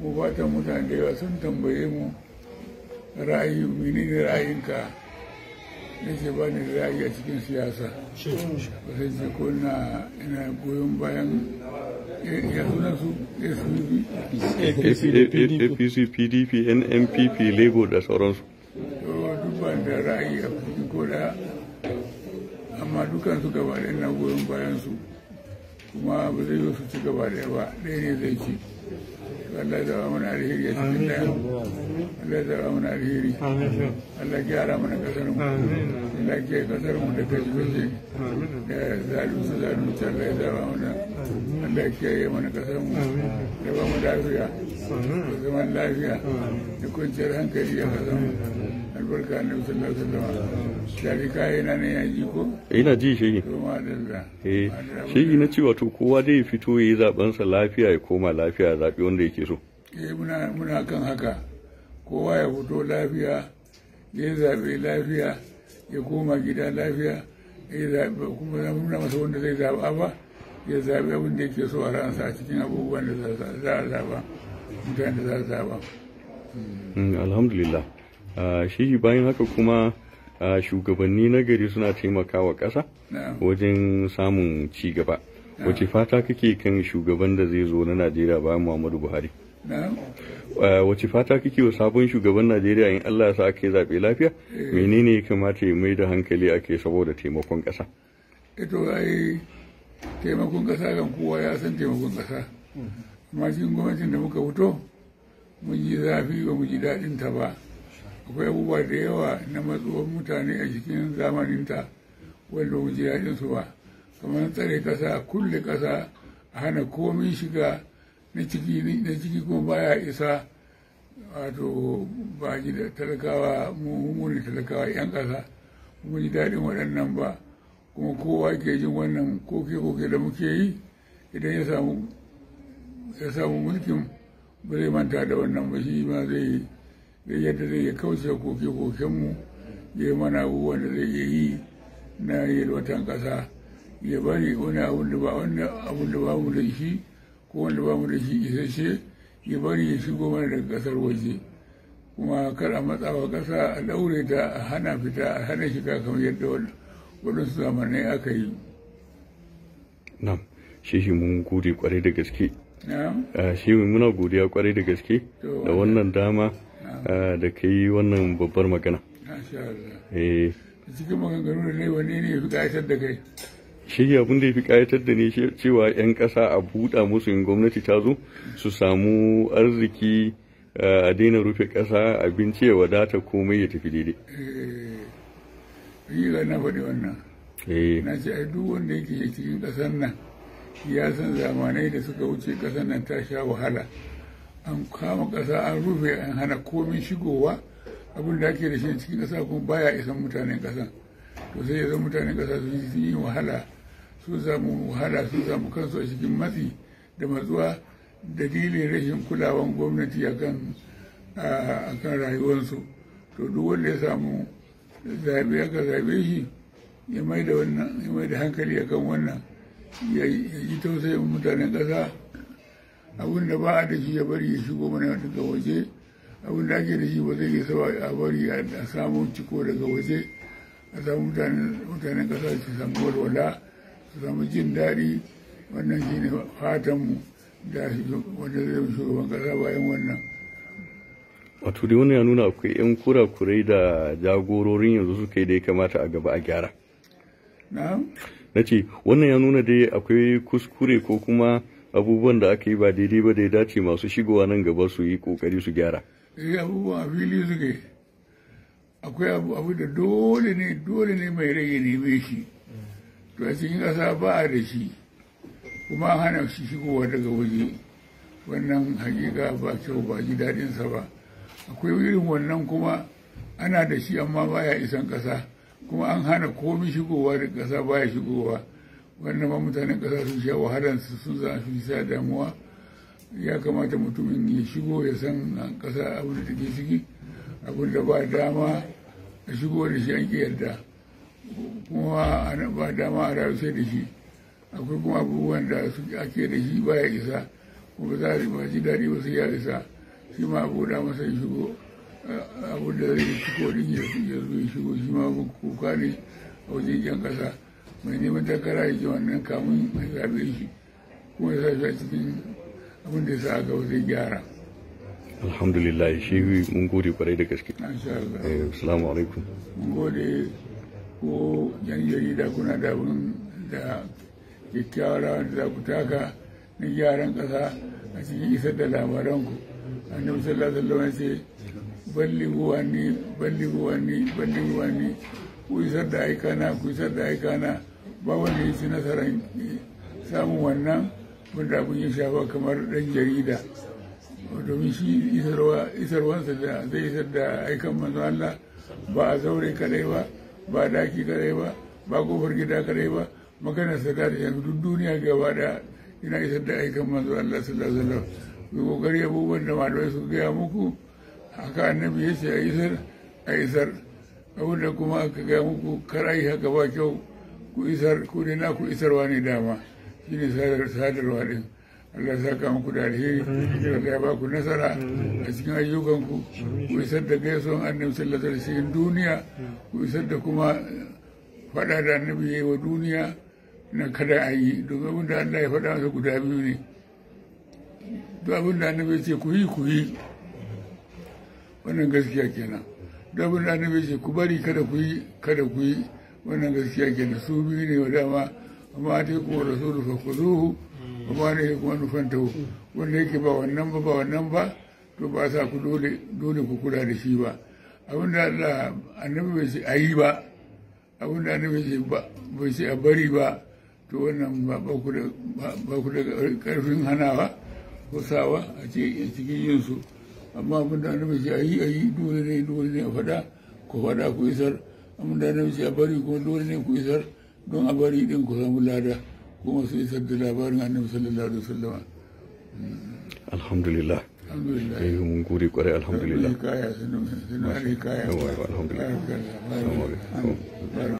mu fatan mutane da yawa sun tambaye mu ra'ayi da ra'ayinka na ce ba ni ra'ayi a cikin siyasa ba sai ce ko na ina goyon bayan ya suna su apc pdp nmpp lego da sauransu duk ba da ra'ayi a cikin koda amma dukansu gaba da ina goyon bayan su kuma ba zai zo su ci gaba da ba ɗaya ne zai ci Allah ya zama mana alheri ya cikin da Allah ya zama mana alheri Allah ya gyara mana kasar mu Allah ya kasar mu da kashi kashi da zalunci zalunci Allah ya zama mana Allah ya kiyaye mana kasar mu da ba mu lafiya da zaman lafiya da kwanciyar hankali ya kasar mu albarka na eh, ina ji shi eh shi na cewa to kowa zai fito ya yi sa lafiya ya koma lafiya ya zaɓi wanda yake so eh muna muna kan haka kowa ya fito lafiya ya zaɓi lafiya ya koma gida lafiya ya zabe kuma muna masa wanda zai zaɓa ba ya zabi abin da yake so a ransa cikin abubuwan da za a zaɓa mutane za a zaɓa. Hmm, alhamdulillah shi bayan haka kuma shugabanni na gari suna taimakawa ƙasa wajen samun ci gaba wace fata kake kan shugaban da zai zo na najeriya bayan muhammadu buhari wace fata kake wa sabon shugaban najeriya in allah sa aka yi zaɓe lafiya eh. menene ya kamata ya mai da hankali ake saboda taimakon ƙasa ito ai taimakon ƙasa kan kowa ya san taimakon ƙasa amma cikin gwamnatin da muka fito mun ji zafi ba mu ji daɗin ta ba akwai abubuwa da yawa na matsuwar mutane a cikin zamaninta wanda mu ji su ba kamar tsare ƙasa kulle ƙasa a hana komin shiga na ciki kuma baya isa wato ba ji da talakawa mu talakawa 'yan ƙasa mu ji daɗin waɗannan ba kuma kowa ke jin wannan koke-koke da muke yi idan ya samu mulkin ba zai manta da wannan ba shi ma zai yi. da yadda zai kauce koke-kokenmu ya mana abubuwan da zai yi na yalwatan ƙasa ya bari wani abun da ba mu da shi ko wanda ba mu da shi isasshe ya bari ya shigo mana daga ƙasar waje kuma kar a matsawa ƙasa a ɗaure ta a hana fita a hana shiga kamar yadda waɗansu zamanai aka yi. Na'am, shi mun gode kwarai da gaske. Na'am. Ah, shi muna godiya kwarai da gaske da wannan dama. Ah, da ka yi wannan babbar magana eh. cikin maganganu da ne wani ne ya fi ƙayatar da kai shi abin da ya fi ƙayatar da ne cewa 'yan ƙasa a buɗa musu in gwamnati ta zo su samu arziki ah, a daina rufe ƙasa abinci ya wadata komai ya tafi daidai yi eh. na faɗi wannan eh. na ce a duk wanda yake cikin ƙasar nan ya san zamanai da suka wuce ƙasar nan ta sha wahala an kama ƙasa an rufe an hana komin shigowa abin da ake da shi cikin kasa kuma baya isan mutanen kasa to sai ya zama mutanen kasa sun yi wahala sun samu wahala sun samu kansu a cikin matsi da matsuwa dalilin rashin kulawan gwamnati a kan rayuwarsu to duk wanda ya samu zaɓe aka zaɓe shi ya mai da hankali akan wannan ya yi tausayin mutanen ƙasa abin da ba a da shi ya bari ya shigo mana daga waje abin da ake da shi ba zai yi sawa a bari a samu ciko daga waje a samu mutanen kasa su samu walwala su samu jin daɗi wannan shi ne fatanmu da wanda zai shugaban kasa bayan wannan wato dai wannan ya nuna akwai 'yan kurakurai da jagororin yanzu suka yi da ya kamata a gaba a gyara na ce wannan ya nuna dai akwai kuskure ko kuma abubuwan da aka yi ba daidai ba da ya dace masu shigowa nan gaba su yi kokari su gyara eh abubuwan a fili suke akwai abu abu da dole ne dole ne mai rage neme shi to a cikin ƙasa ba a da shi kuma hana shi shigowa daga waje wannan hakika ba kyau ba ji daɗinsa ba akwai irin wannan kuma ana da shi amma baya isan ƙasa kuma an hana komi shigowa da ƙasa baya shigowa wannan ma mutanen kasa sun sha su sun zama su sa damuwa ya kamata mutumin ya shigo ya san a ƙasa abin da take ciki abin da ba dama a shigo da shi an ƙi yarda kuma ba dama a rayu sai da shi akwai kuma abubuwan da ake da shi ya isa kuma za a ji daɗi ba sai ya isa shi ma abu da masa shigo abu da zai shigo din ya zo ya shigo shi ma kuka ne a wajen yan ƙasa mai neman takara ya ke wannan kamun mai zaɓe shi kuma ya sa cikin abin da ya sa aka wuce gyara alhamdulillah shi mun gode kwarai da gaske eh, assalamu alaikum mun gode ko yan jarida kuna da abin da kyakkyawar rawar da za ku taka na gyaran ƙasa a cikin isar da labaranku annabi sallallahu alaihi wasallam ya ce ballighu anni ballighu anni ballighu anni ku isar da aikana ku isar da aikana ba wanda ya ci nasarar samun wannan wanda abin ya shafa kamar ɗan jarida domin shi isarwansa da zai isar da aikan manzo Allah ba a zaure kadai ba ba daki kadai ba ba kofar gida kadai ba maganar sa da yanzu duk duniya gaba da ina isar da aikan manzo Allah sallallahu alaihi wasallam ko kokari abubuwan da malamai su gaya muku haka annabi ya ce a isar a isar abinda kuma aka gaya muku kar a yi haka ba kyau ku isar ku dai na ku isarwa ne dama ne sadarwa ɗin Allah saka muku da alheri Allah ya baku nasara a cikin ayyukanku ku isar da gaisuwan annabi sallallahu alaihi wasallam duniya ku isar da kuma faɗa da annabi yayi wa duniya na kada a yi domin abin da Allah ya faɗa masa guda biyu ne duk abin da annabi ce ku yi ku yi wannan gaskiya kenan duk abin da annabi ce ku bari kada ku yi kada ku yi wannan gaskiya ke da su biyu ne wa dama amma ta kuma rasulu fa kuzuhu amma ne kuma nufantahu wanda yake ba wannan ba ba wannan ba to ba sa ku dole dole ku kula da shi ba abin da Allah annabi bai ce ayi ba abin da annabi bai ce a bari ba to wannan ba ku da ba ku da karfin hanawa ko sawa a cikin yin su amma abin da annabi ce ayi ayi dole ne dole ne a faɗa ku faɗa ku isar amma da namiji a bari kuma dole ne ku isar don a bari din ku samu lada kuma su isar da labarin annabi sallallahu alaihi wasallama alhamdulillah alhamdulillah mun gode kwarai alhamdulillah kaya kaya alhamdulillah